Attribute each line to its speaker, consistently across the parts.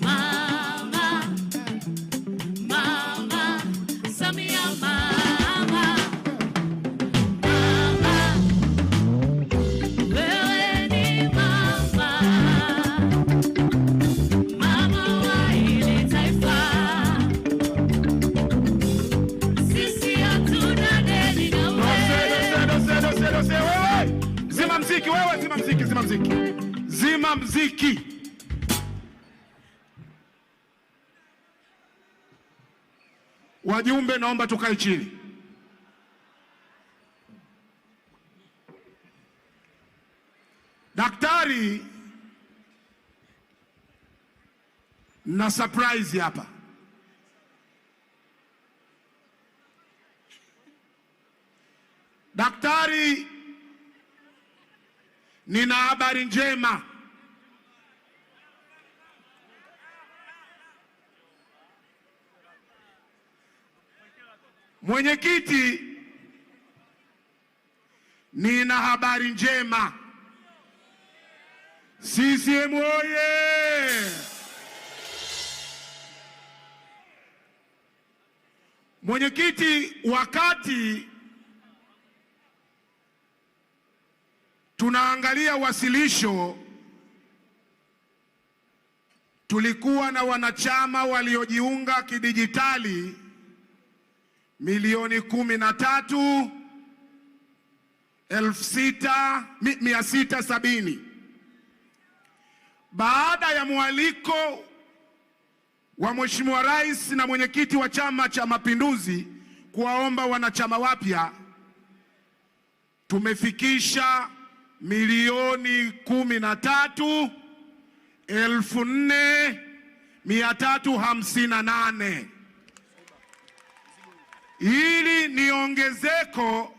Speaker 1: Mama, Mama Samia, mama,
Speaker 2: zima mziki, zima mziki. Wajumbe, naomba tukae chini. Daktari na surprise hapa. Daktari, nina habari njema. Mwenyekiti, nina habari njema. CCM oye! Mwenyekiti, wakati tunaangalia wasilisho, tulikuwa na wanachama waliojiunga kidijitali milioni kumi na tatu elfu sita mia sita sabini baada ya mwaliko wa Mheshimiwa Rais na mwenyekiti wa Chama cha Mapinduzi kuwaomba wanachama wapya, tumefikisha milioni kumi na tatu elfu nne mia tatu hamsini na nane. Hili ni ongezeko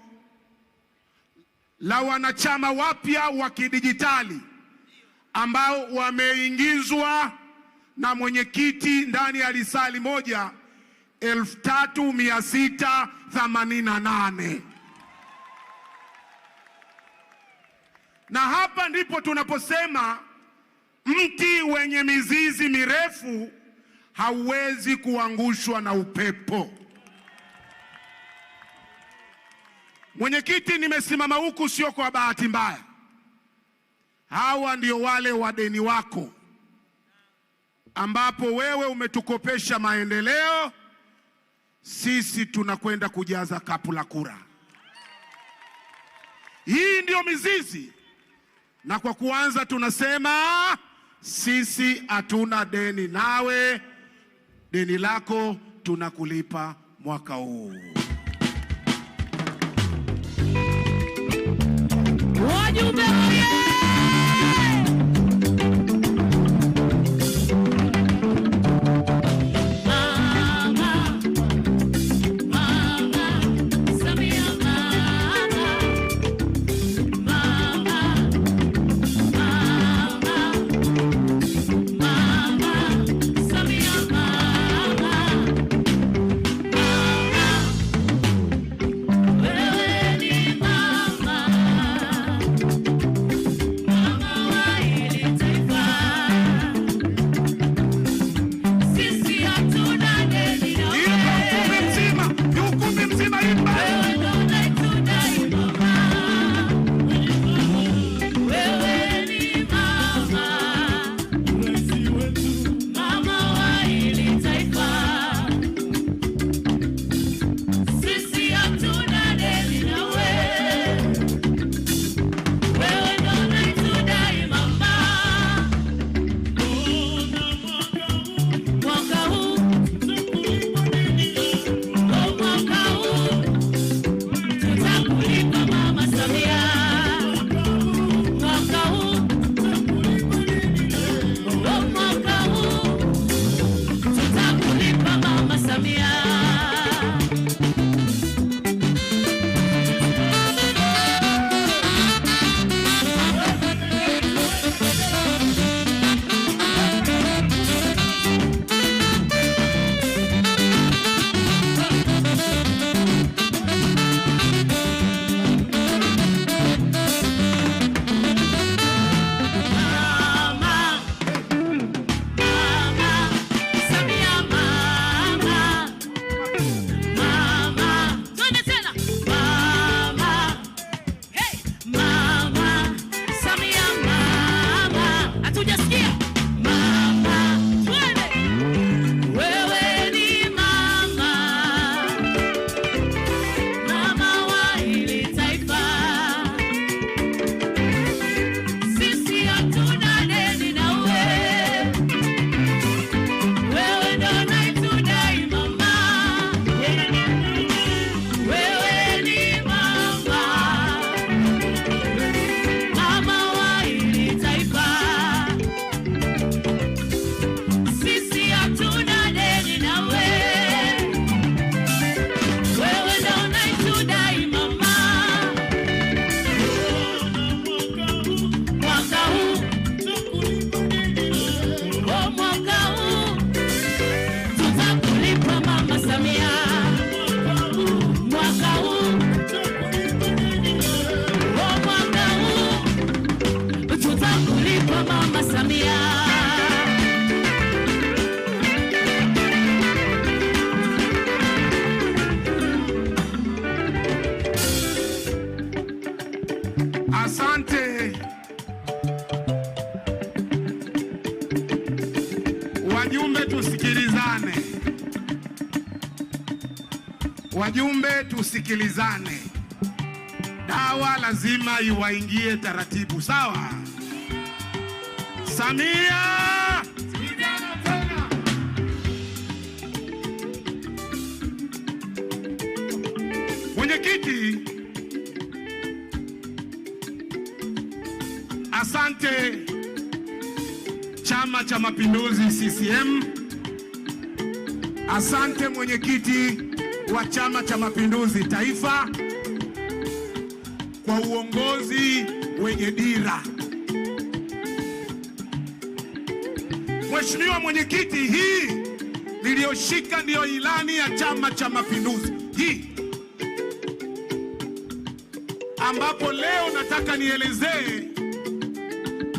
Speaker 2: la wanachama wapya wa kidijitali ambao wameingizwa na mwenyekiti ndani ya lisali moja 3688 na hapa ndipo tunaposema mti wenye mizizi mirefu hauwezi kuangushwa na upepo. Mwenyekiti, nimesimama huku sio kwa bahati mbaya. Hawa ndio wale wadeni wako, ambapo wewe umetukopesha maendeleo, sisi tunakwenda kujaza kapu la kura. Hii ndiyo mizizi, na kwa kuanza tunasema sisi hatuna deni nawe, deni lako tunakulipa mwaka huu. you better msikilizane. Dawa lazima iwaingie taratibu, sawa? Samia mwenyekiti, asante Chama cha Mapinduzi CCM. Asante mwenyekiti wa Chama cha Mapinduzi Taifa kwa uongozi wenye dira. Mheshimiwa Mwenyekiti, hii niliyoshika ndiyo ilani ya Chama cha Mapinduzi hii, ambapo leo nataka nielezee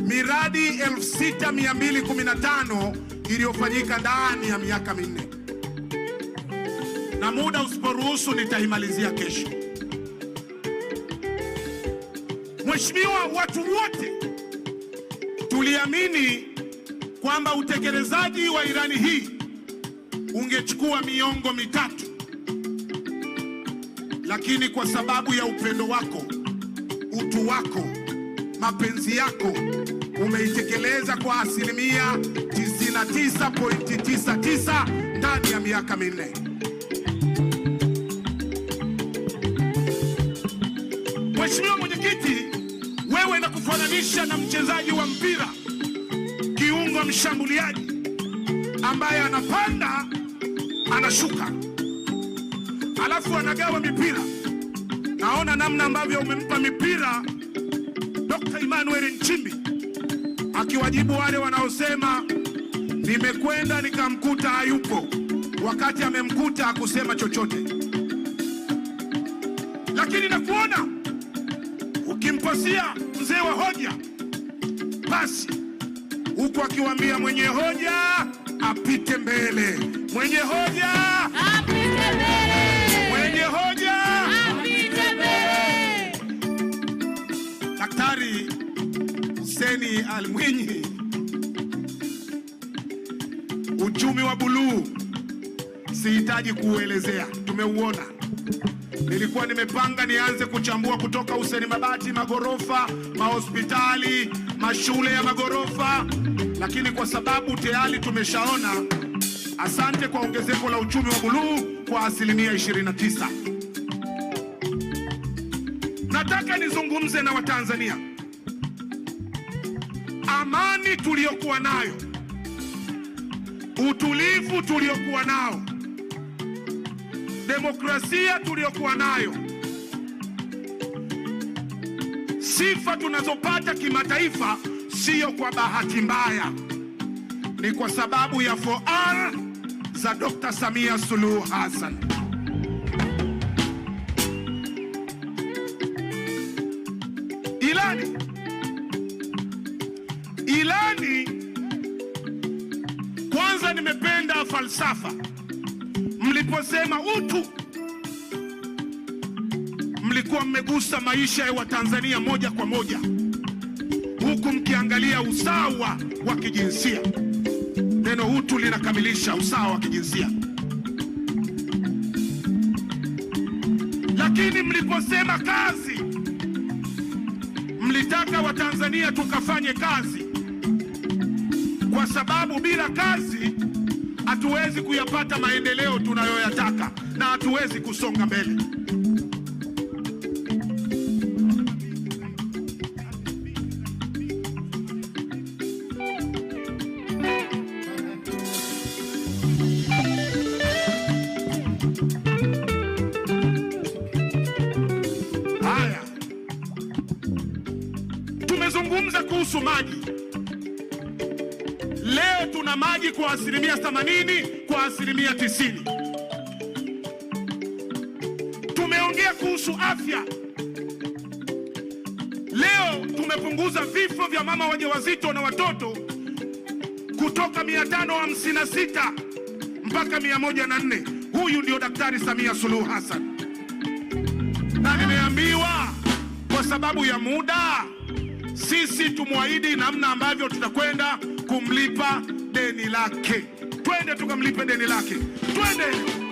Speaker 2: miradi 6215 iliyofanyika ndani ya miaka minne muda usiporuhusu nitaimalizia kesho. Mheshimiwa, watu wote tuliamini kwamba utekelezaji wa ilani hii ungechukua miongo mitatu, lakini kwa sababu ya upendo wako, utu wako, mapenzi yako umeitekeleza kwa asilimia 99.99 ndani ya miaka minne. Mheshimiwa Mwenyekiti, wewe nakufananisha na mchezaji wa mpira, kiungo mshambuliaji ambaye anapanda anashuka, alafu anagawa mipira. Naona namna ambavyo umempa mipira Dr. Emmanuel Nchimbi akiwajibu wale wanaosema nimekwenda nikamkuta hayupo, wakati amemkuta akusema chochote, lakini nakuona Akimgusia mzee wa hoja, basi huku akiwaambia mwenye hoja apite mbele, mwenye hoja
Speaker 3: apite mbele,
Speaker 2: mwenye hoja
Speaker 3: apite mbele.
Speaker 2: Daktari huseni almwinyi uchumi wa buluu sihitaji kuuelezea, tumeuona Nilikuwa nimepanga nianze kuchambua kutoka useni Mabati, magorofa, mahospitali, mashule ya magorofa, lakini kwa sababu tayari tumeshaona, asante kwa ongezeko la uchumi wa buluu kwa asilimia 29. Nataka nizungumze na Watanzania, amani tuliyokuwa nayo, utulivu tuliokuwa nao demokrasia tuliyokuwa nayo, sifa tunazopata kimataifa, siyo kwa bahati mbaya, ni kwa sababu ya 4R za Dr. Samia Suluhu Hassan. Ilani ilani, kwanza nimependa falsafa niliposema utu, mlikuwa mmegusa maisha ya Watanzania moja kwa moja, huku mkiangalia usawa wa kijinsia. Neno utu linakamilisha usawa wa kijinsia. Lakini mliposema kazi, mlitaka Watanzania tukafanye kazi, kwa sababu bila kazi hatuwezi kuyapata maendeleo tunayoyataka na hatuwezi kusonga mbele. Haya, tumezungumza kuhusu maji na maji kwa asilimia 80 kwa asilimia 90. Tumeongea kuhusu afya leo, tumepunguza vifo vya mama wajawazito na watoto kutoka 556 mpaka 104. Huyu ndio Daktari Samia Suluhu Hassan, na nimeambiwa kwa sababu ya muda sisi tumwahidi namna ambavyo tutakwenda kumlipa deni lake, twende tukamlipe deni lake, twende.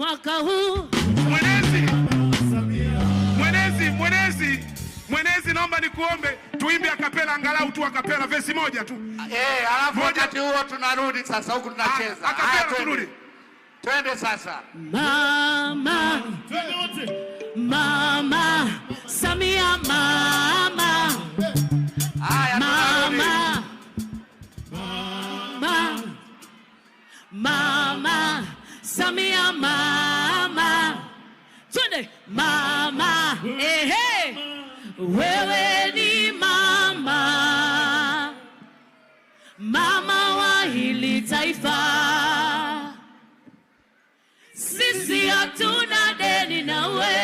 Speaker 1: mwaka huu.
Speaker 2: Mwenezi, mwenezi, mwenezi, mwenezi, naomba nikuombe tuimbe akapela, angalau tu akapela vesi moja tu
Speaker 4: eh, alafu wakati huo tunarudi sasa, huku
Speaker 2: tunacheza ah, akapela,
Speaker 4: tunarudi twende sasa.
Speaker 1: Mama, twende wote, mama Samia, mama mama mama mama Samia mama, twende mama, ehe, wewe ni mama, mama wa hili taifa. Sisi hatuna deni nawe,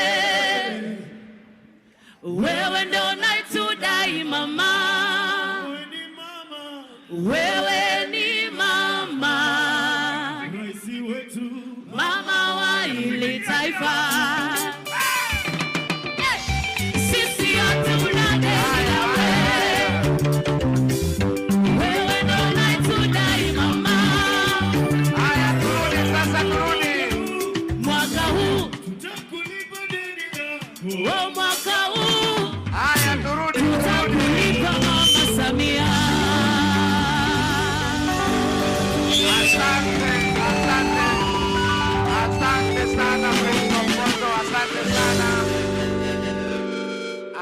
Speaker 1: wewe ndo naitudai mama, wewe sacrifice.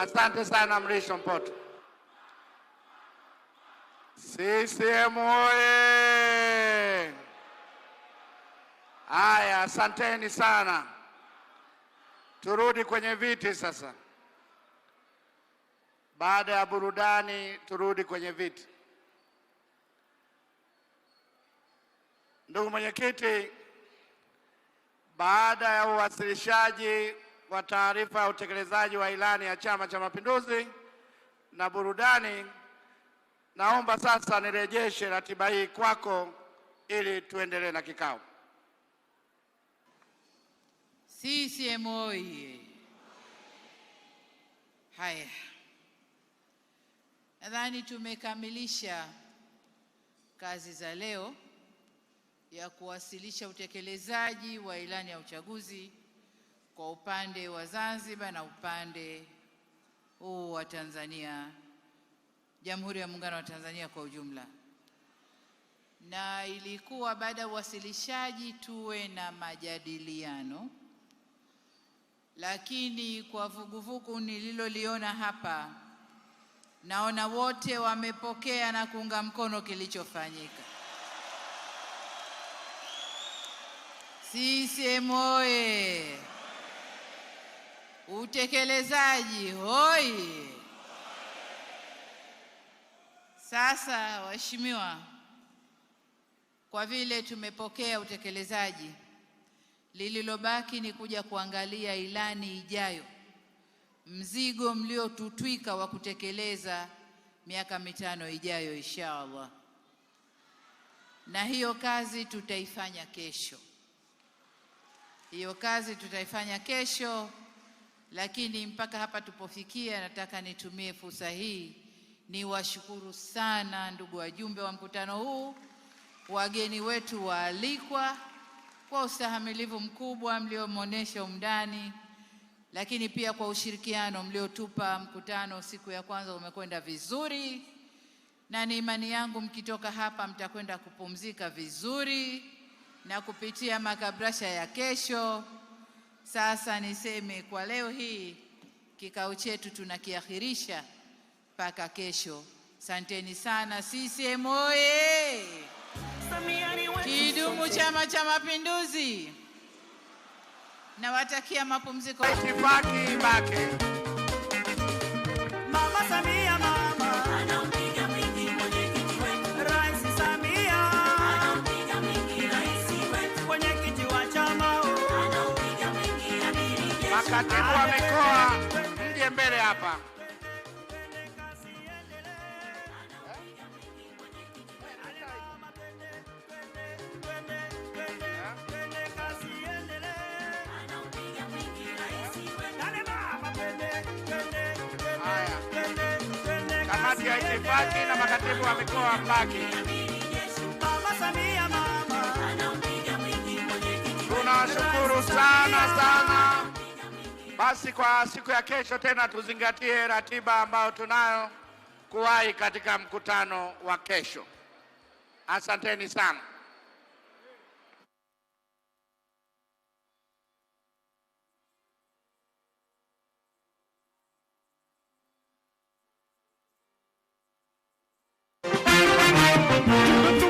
Speaker 4: Asante sana Mrisho Mpoto. CCM oye! Haya, asanteni sana. Turudi kwenye viti sasa. Baada ya burudani, turudi kwenye viti. Ndugu mwenyekiti, baada ya uwasilishaji wa taarifa ya utekelezaji wa ilani ya Chama cha Mapinduzi na burudani, naomba sasa nirejeshe ratiba hii kwako ili tuendelee na kikao.
Speaker 5: CCM oyee! Haya, nadhani tumekamilisha kazi za leo ya kuwasilisha utekelezaji wa ilani ya uchaguzi kwa upande wa Zanzibar na upande huu wa Tanzania, Jamhuri ya Muungano wa Tanzania kwa ujumla. Na ilikuwa baada ya uwasilishaji tuwe na majadiliano, lakini kwa vuguvugu nililoliona hapa, naona wote wamepokea na kuunga mkono kilichofanyika. CCM oye! Utekelezaji hoi! Sasa waheshimiwa, kwa vile tumepokea utekelezaji, lililobaki ni kuja kuangalia ilani ijayo, mzigo mliotutwika wa kutekeleza miaka mitano ijayo, insha Allah, na hiyo kazi tutaifanya kesho. Hiyo kazi tutaifanya kesho lakini mpaka hapa tupofikia, nataka nitumie fursa hii niwashukuru sana ndugu wajumbe wa mkutano huu, wageni wetu waalikwa, kwa ustahamilivu mkubwa mliomonesha umndani, lakini pia kwa ushirikiano mliotupa. Mkutano siku ya kwanza umekwenda vizuri, na ni imani yangu mkitoka hapa mtakwenda kupumzika vizuri na kupitia makabrasha ya kesho sasa niseme kwa leo hii kikao chetu tunakiahirisha mpaka kesho. Asanteni sana. CCM oye! Kidumu Chama cha Mapinduzi! Nawatakia mapumziko.
Speaker 4: Katibu wa mikoa mje mbele hapa. Kamati ya itifaki na makatibu wa mikoa mbaki, tunashukuru sana sana. Basi kwa siku ya kesho tena tuzingatie ratiba ambayo tunayo kuwahi katika mkutano wa kesho. Asanteni sana.